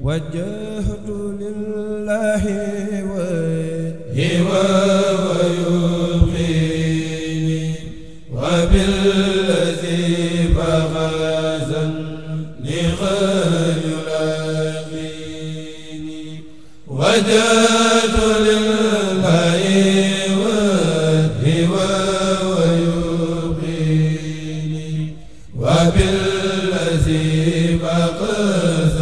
wajjahtu lillahi wajhi wa yuqini wa billazi baghazan ni khayrulaqini wajjahtu lillahi wajhi wa yuqini wa billazi baghazan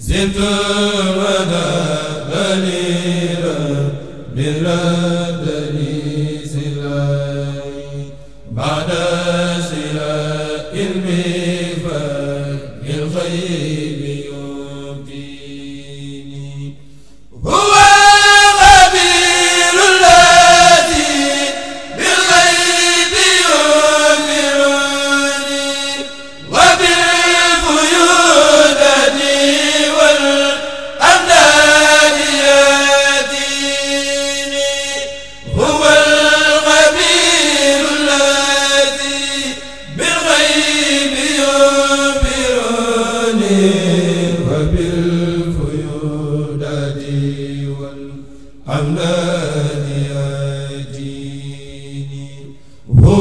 زلت وذا بني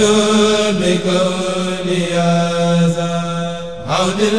jur bi kaw ni yaa saa aw dil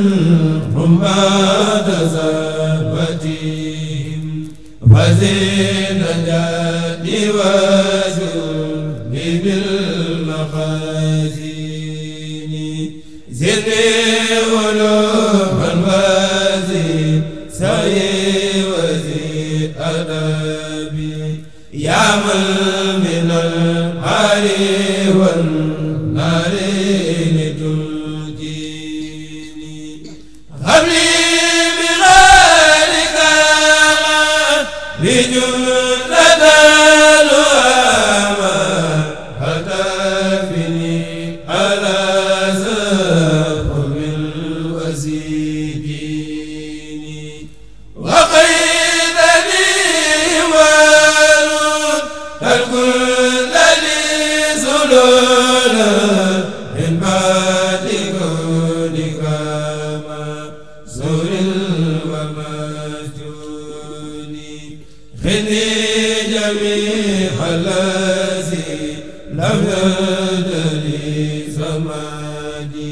yaa man min al xaali wal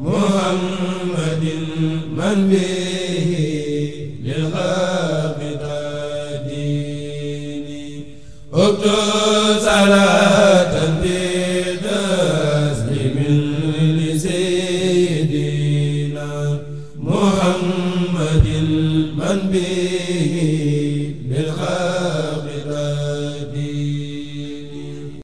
muhammadin man bihi lil xalqi qadini ubtu salaam